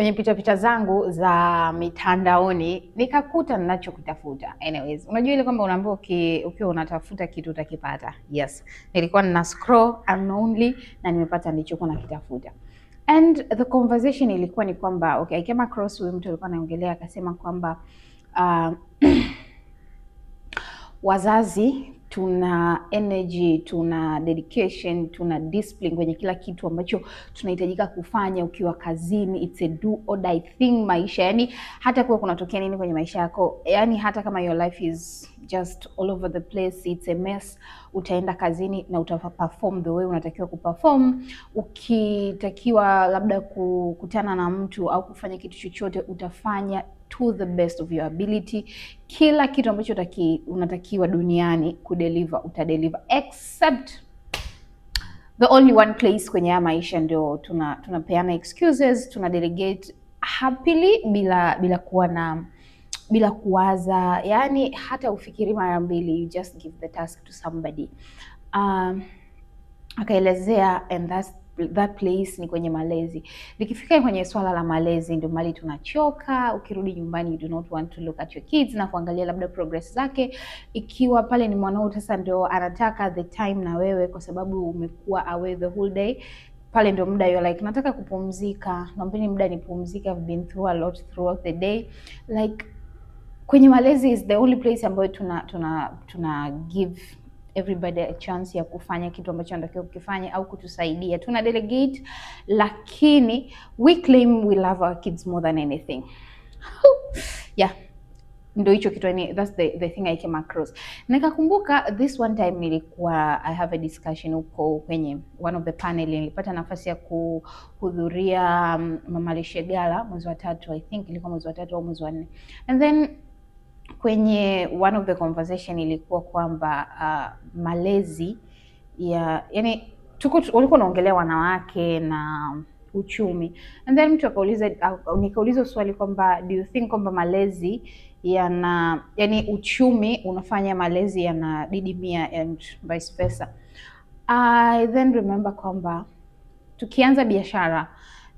kwenye picha picha zangu za mitandaoni nikakuta ninachokitafuta. Anyways, unajua ile kwamba unaambiwa ukiwa unatafuta kitu utakipata. Yes, nilikuwa nina scroll unknownly na nimepata nilichokuwa nakitafuta. And the conversation ilikuwa ni kwamba okay, I came across huyu mtu alikuwa anaongelea akasema kwamba uh, wazazi tuna energy, tuna dedication, tuna discipline kwenye kila kitu ambacho tunahitajika kufanya ukiwa kazini. It's a do or die thing maisha, yani hata kuwa kunatokea nini kwenye maisha yako, yani hata kama your life is just all over the place, it's a mess, utaenda kazini na utaperform the way unatakiwa kuperform. Ukitakiwa labda kukutana na mtu au kufanya kitu chochote utafanya to the best of your ability. Kila kitu ambacho taki, unatakiwa duniani kudeliver utadeliver, except the only one place kwenye haya maisha ndio tuna tunapeana excuses, tuna delegate happily bila bila kuwa na bila kuwaza, yani hata ufikiri mara mbili, you just give the task to somebody um, akaelezea and that's that place ni kwenye malezi. Vikifika kwenye swala la malezi, ndio mali tunachoka. Ukirudi nyumbani, you do not want to look at your kids na kuangalia labda progress zake, ikiwa pale ni mwanao sasa ndio anataka the time na wewe, kwa sababu umekuwa away the whole day pale ndio muda you like nataka kupumzika, naombeni muda nipumzike, I've been through a lot throughout the day. Like kwenye malezi is the only place ambayo tuna tuna tuna give everybody a chance ya kufanya kitu ambacho anatakiwa kukifanya au kutusaidia. Tuna delegate lakini we claim we love our kids more than anything. Yeah. Ndio hicho kitu ni that's the, the thing I came across. Nikakumbuka this one time nilikuwa I have a discussion huko kwenye one of the panel, nilipata nafasi ya kuhudhuria um, Mama Lishe mwezi wa tatu, I think ilikuwa mwezi wa tatu au mwezi wa nne and then kwenye one of the conversation ilikuwa kwamba uh, malezi ya yani, tuko ulikuwa unaongelea wanawake na uchumi and then mtu akauliza, uh, nikauliza swali kwamba do you think kwamba malezi yana yani uchumi unafanya malezi yana didimia and vice versa. I then remember kwamba tukianza biashara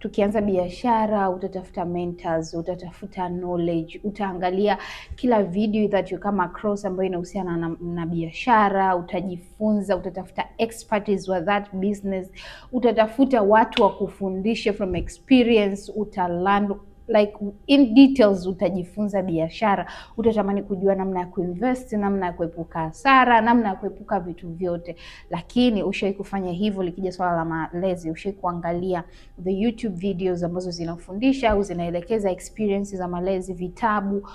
tukianza biashara utatafuta mentors, utatafuta knowledge, utaangalia kila video that you come across ambayo inahusiana na, na biashara. Utajifunza, utatafuta expertise wa that business, utatafuta watu wa kufundisha from experience, utalearn like in details utajifunza biashara, utatamani kujua namna ya kuinvest, namna ya kuepuka hasara, namna ya kuepuka vitu vyote. Lakini ushawai kufanya hivyo likija swala la malezi? Ushawai kuangalia the YouTube videos ambazo zinafundisha au zinaelekeza experience za malezi, vitabu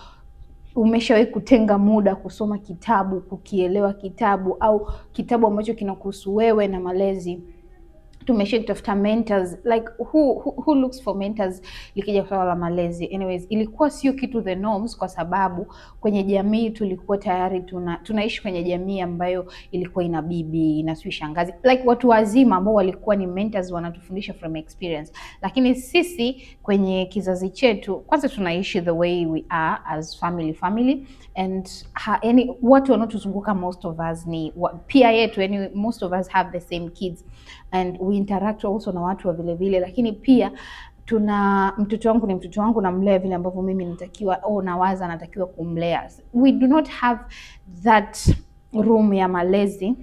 Umeshawahi kutenga muda kusoma kitabu, kukielewa kitabu au kitabu ambacho kinakuhusu wewe na malezi? tumesha kutafuta mentors like who, who, who looks for mentors likija swala la malezi. Anyways, ilikuwa sio kitu the norms, kwa sababu kwenye jamii tulikuwa tayari tuna, tunaishi kwenye jamii ambayo ilikuwa ina bibi na sui shangazi, like watu wazima ambao walikuwa ni mentors wanatufundisha from experience. Lakini sisi kwenye kizazi chetu kwanza tunaishi the way we are as family family and ha, yani, watu wanaotuzunguka most of us ni pia yetu yani, most of us have the same kids and we we interact also na watu wa vile vile, lakini pia tuna mtoto wangu ni mtoto wangu, namlea vile ambavyo mimi natakiwa au nawaza natakiwa kumlea. We do not have that room ya malezi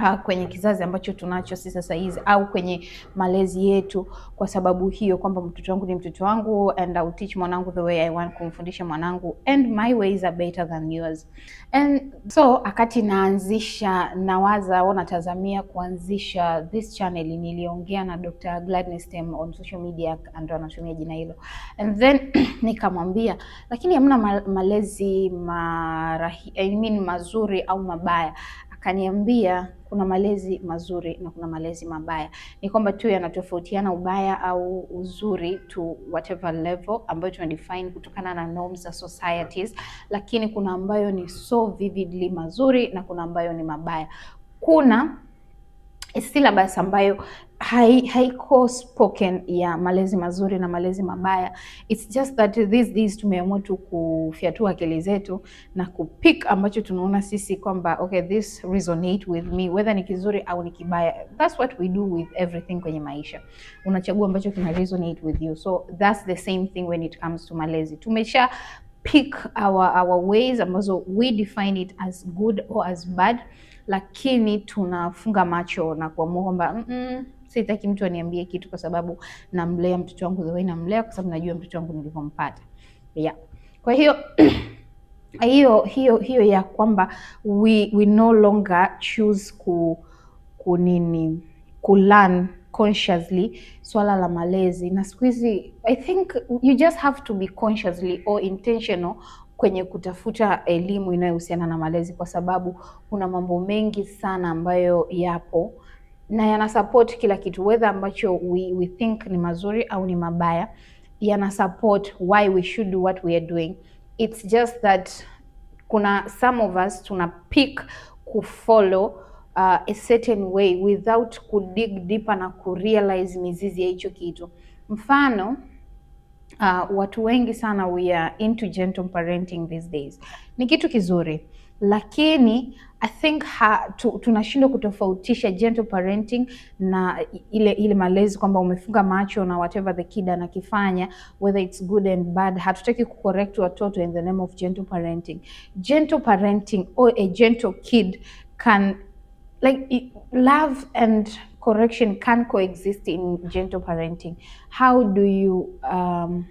Ah, kwenye kizazi ambacho tunacho sisi sasa hizi au kwenye malezi yetu, kwa sababu hiyo kwamba mtoto wangu ni mtoto wangu and I'll teach mwanangu the way I want kumfundisha mwanangu and my ways are better than yours. And so akati naanzisha nawaza au natazamia kuanzisha this channel, niliongea na Dr. Gladness Tem on social media, ndio anatumia jina hilo, and then nikamwambia, lakini hamna malezi marahi, I mean mazuri au mabaya, akaniambia kuna malezi mazuri na kuna malezi mabaya. Ni kwamba tu yanatofautiana ubaya au uzuri to whatever level ambayo tunadefine kutokana na norms za societies, lakini kuna ambayo ni so vividly mazuri na kuna ambayo ni mabaya. Kuna syllabus ambayo hai, haiko spoken ya malezi mazuri na malezi mabaya. It's just that these days tumeamua tu kufyatua akili zetu na kupick ambacho tunaona sisi kwamba okay, this resonate with me whether ni kizuri au ni kibaya. That's what we do with everything kwenye maisha, unachagua ambacho kina resonate with you, so that's the same thing when it comes to malezi. Tumesha pick our, our ways ambazo we define it as good or as bad, lakini tunafunga macho na kuamua kwamba mm -mm, sitaki mtu aniambie kitu kwa sababu namlea mtoto wangu the way namlea, kwa sababu najua mtoto wangu nilivyompata. Yeah. Kwa hiyo hiyo hiyo hiyo ya kwamba we, we no longer choose ku kunini kulan consciously swala la malezi, na siku hizi I think you just have to be consciously or intentional kwenye kutafuta elimu inayohusiana na malezi, kwa sababu kuna mambo mengi sana ambayo yapo na support kila kitu whether ambacho we, we think ni mazuri au ni mabaya, support why we should do what we are doing. It's just that kuna some of us tuna pick kufollow uh, a certain way without kudig deeper na kurealize mizizi ya hicho kitu. Mfano uh, watu wengi sana we are into gentle parenting these days, ni kitu kizuri lakini I think tu, tunashindwa kutofautisha gentle parenting na ile ile malezi kwamba umefunga macho na whatever the kid anakifanya whether it's good and bad. Hatutaki kucorrect watoto in the name of gentle parenting. Gentle parenting or a gentle kid can like it, love and correction can coexist in gentle parenting. How do you um,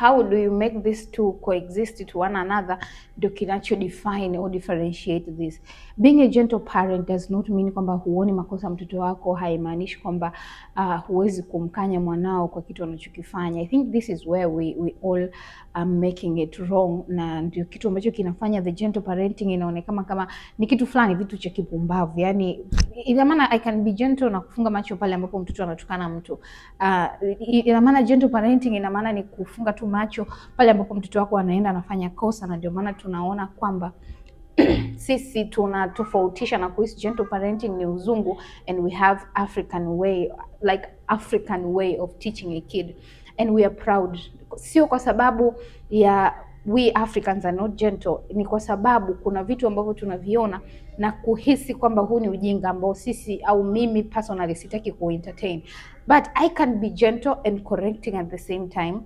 how do you make these two coexist to one another ndio kinacho define or differentiate this. Being a gentle parent does not mean kwamba huoni makosa mtoto wako, haimaanishi kwamba uh, huwezi kumkanya mwanao kwa kitu anachokifanya. I think this is where we, we all are making it wrong, na ndio kitu ambacho kinafanya the gentle parenting inaonekana kama ni kitu fulani vitu cha kipumbavu. Yani ina maana I can be gentle na kufunga macho pale ambapo mtoto anatukana mtu. Uh, ina maana gentle parenting ina maana ni kufunga tu tu macho pale ambapo mtoto wako anaenda anafanya kosa, na ndio maana tunaona kwamba sisi tunatofautisha na kuhisi gentle parenting ni uzungu and we have African way like African way of teaching a kid and we are proud, sio kwa sababu ya we Africans are not gentle, ni kwa sababu kuna vitu ambavyo tunaviona na kuhisi kwamba huu ni ujinga ambao sisi au mimi personally sitaki ku entertain but I can be gentle and correcting at the same time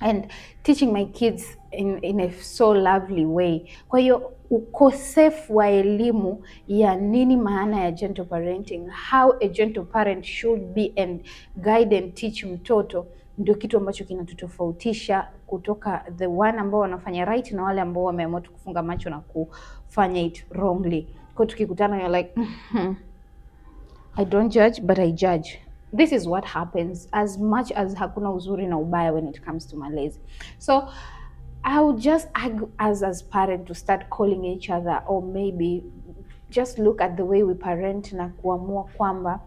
and teaching my kids in, in a so lovely way. Kwa hiyo ukosefu wa elimu ya nini maana ya gentle parenting, how a gentle parent should be and guide and teach mtoto ndio kitu ambacho kinatutofautisha kutoka the one ambao wanafanya right na wale ambao wameamua tu kufunga macho na kufanya it wrongly. Kwa tukikutana you're like mm-hmm. I don't judge but I judge. This is what happens as much as hakuna uzuri na ubaya when it comes to malezi. So I would just ag as as parent to start calling each other or maybe just look at the way we parent na kuamua kwamba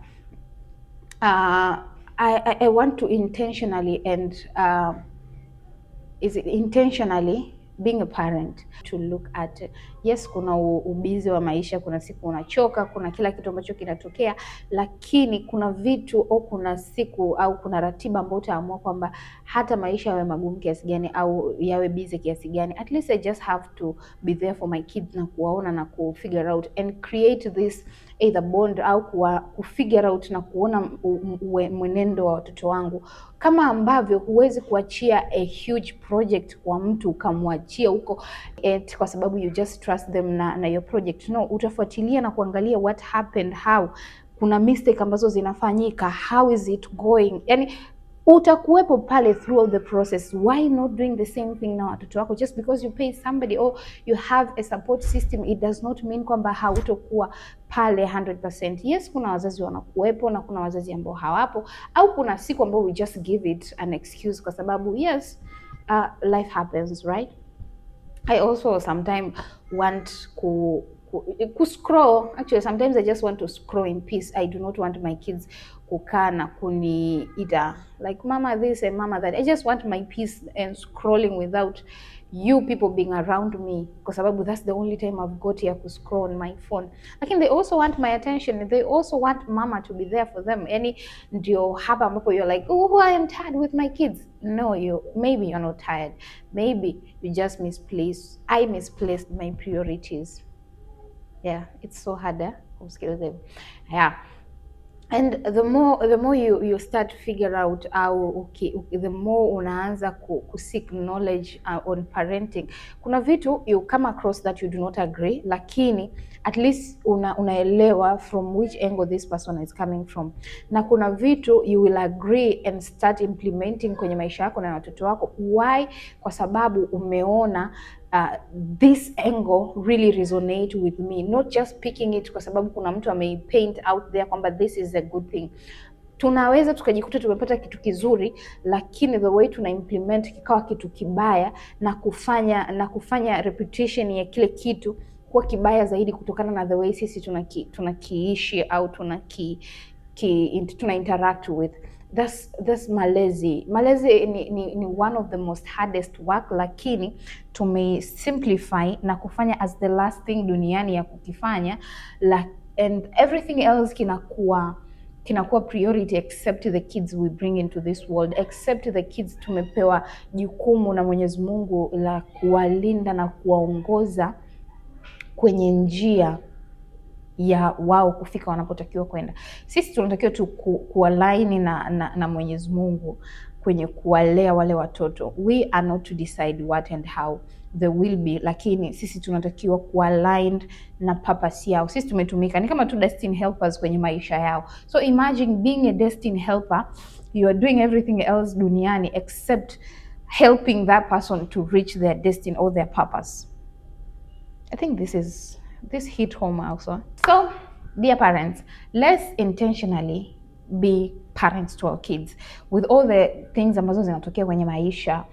uh, I, I want to intentionally and uh, is it intentionally being a parent to look at yes, kuna ubizi wa maisha, kuna siku unachoka, kuna kila kitu ambacho kinatokea, lakini kuna vitu au kuna siku au kuna ratiba ambayo utaamua kwamba hata maisha yawe magumu kiasi gani au yawe busy kiasi gani, at least I just have to be there for my kids na kuwaona na kufigure out and create this either bond au kuwa, kufigure out na kuona mwenendo wa watoto wangu, kama ambavyo huwezi kuachia a huge project kwa mtu ukamwachia huko et, eh, kwa sababu you just trust them na, na your project no, utafuatilia na kuangalia what happened how kuna mistake ambazo zinafanyika how is it going, yani utakuwepo pale throughout the process. Why not doing the same thing na watoto wako? Just because you pay somebody or you have a support system it does not mean kwamba hautokuwa pale 100%. Yes, kuna wazazi wanakuwepo na kuna wazazi ambao hawapo, au kuna siku ambao we just give it an excuse kwa sababu yes, uh, life happens right. I also sometimes want ku, ku, ku scroll. Actually, sometimes I just want to scroll in peace. I do not want my kids kukaa na kuniita like mama this and mama that. I just want my peace and scrolling without you people being around me, kwa sababu that's the only time I've got ya kuscroll on my phone. Lakini they also want my attention, they also want mama to be there for them. Yani ndio hapa ambapo you're like oh, I am tired with my kids. No, you maybe you're not tired, maybe you just misplaced, I misplaced my priorities. Yeah, it's so hard eh, kusikiliza. Yeah and the more the more you you start to figure out au okay, the more unaanza ku, ku seek knowledge uh, on parenting, kuna vitu you come across that you do not agree, lakini at least una, unaelewa from which angle this person is coming from, na kuna vitu you will agree and start implementing kwenye maisha yako na watoto wako. Why? Kwa sababu umeona Uh, this angle really resonate with me not just picking it kwa sababu kuna mtu ameipaint out there kwamba this is a good thing. Tunaweza tukajikuta tumepata kitu kizuri, lakini the way tuna implement kikawa kitu kibaya na kufanya na kufanya reputation ya kile kitu kuwa kibaya zaidi, kutokana na the way sisi tunakiishi tuna au tunaki, ki, tuna interact with That's, that's malezi. Malezi ni, ni, ni one of the most hardest work, lakini tumesimplify simplify na kufanya as the last thing duniani ya kukifanya like, and everything else kinakuwa kinakuwa priority except the kids we bring into this world, except the kids tumepewa jukumu na Mwenyezi Mungu la kuwalinda na kuwaongoza kwenye njia ya wao kufika wanapotakiwa kwenda. Sisi tunatakiwa tu ku, kualaini na, na, na Mwenyezi Mungu kwenye kuwalea wale watoto. We are not to decide what and how they will be, lakini sisi tunatakiwa kualigned na purpose yao. Sisi tumetumika ni kama tu destiny helpers kwenye maisha yao. So imagine being a destiny helper, you are doing everything else duniani except helping that person to reach their destiny or their purpose. I think this is this hit home also. So, dear parents, let's intentionally be parents to our kids with all the things ambazo zinatokea kwenye maisha,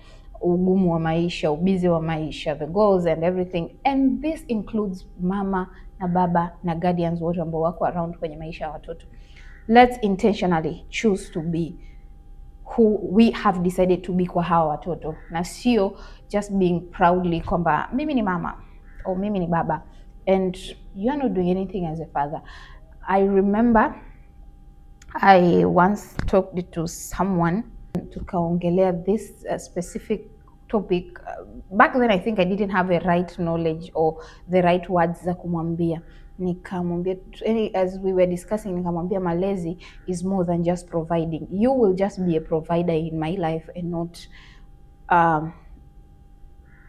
ugumu wa maisha, ubizi wa maisha, the goals and everything, and this includes mama na baba na guardians wote ambao wako around kwenye maisha ya watoto. Let's intentionally choose to be who we have decided to be kwa hawa watoto, na sio just being proudly kwamba mimi ni mama au mimi ni baba and you are not doing anything as a father. I remember I once talked to someone tukaongelea this uh, specific topic uh, back then I think I didn't have a right knowledge or the right words za kumwambia nikamwambia as we were discussing nikamwambia malezi is more than just providing you will just be a provider in my life and not um,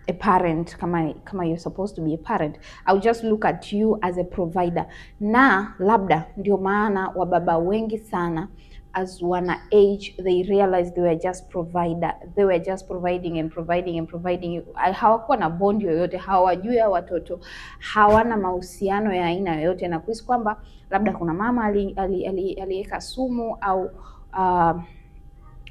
a parent kama kama you're supposed to be a parent I'll just look at you as a provider. Na labda ndio maana wababa wengi sana as wana age they realize they were just provider they were just providing and providing and providing. Hawakuwa na bond yoyote, hawajui hao watoto, hawana mahusiano ya aina yoyote, na kuhisi kwamba labda kuna mama aliweka ali, ali, ali sumu au uh,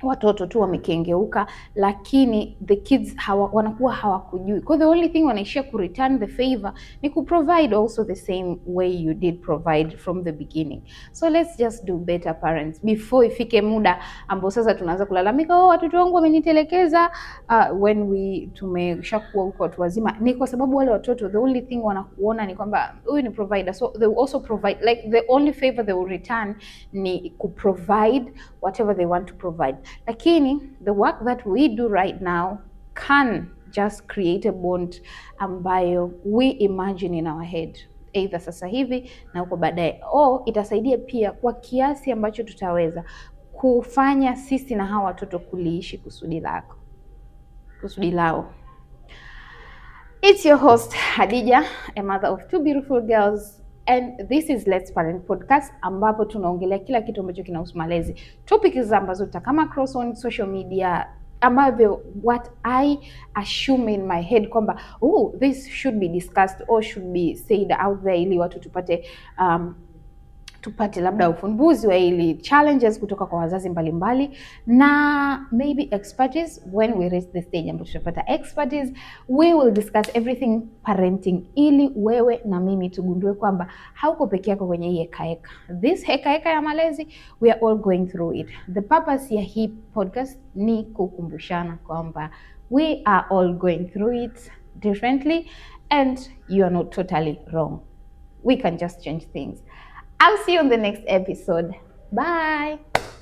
watoto tu wamekengeuka, lakini the kids hawa, wanakuwa hawakujui. Kwa the only thing wanaishia ku return the favor ni ku provide also the same way you did provide from the beginning. So let's just do better parents before ifike muda ambao sasa tunaanza kulalamika, oh, watoto wangu wamenitelekeza. Uh, when we tumeshakuwa huko watu wazima, ni kwa sababu wale watoto the only thing wanakuona ni kwamba huyu ni provider, so they will also provide like the only favor they will return ni ku provide whatever they want to provide lakini the work that we do right now can just create a bond ambayo we imagine in our head either sasa hivi na huko baadaye, au itasaidia pia kwa kiasi ambacho tutaweza kufanya sisi na hawa watoto kuliishi kusudi lako kusudi lao. It's your host Hadija, a mother of two beautiful girls and this is Let's Parent Podcast ambapo tunaongelea kila kitu ambacho kinahusu malezi, topics ambazo tutakama cross on social media ambavyo what I assume in my head kwamba oh, this should be discussed or should be said out there ili watu tupate um, tupate labda ufumbuzi wa hili challenges kutoka kwa wazazi mbalimbali mbali, na maybe expertise when we reach the stage ambapo tutapata expertise, we will discuss everything parenting, ili wewe na mimi tugundue kwamba hauko peke yako kwenye hii hekaheka, this hekaheka ya malezi, we are all going through it. The purpose ya hii podcast ni kukumbushana kwamba we are all going through it differently and you are not totally wrong, we can just change things. I'll see you on the next episode. Bye.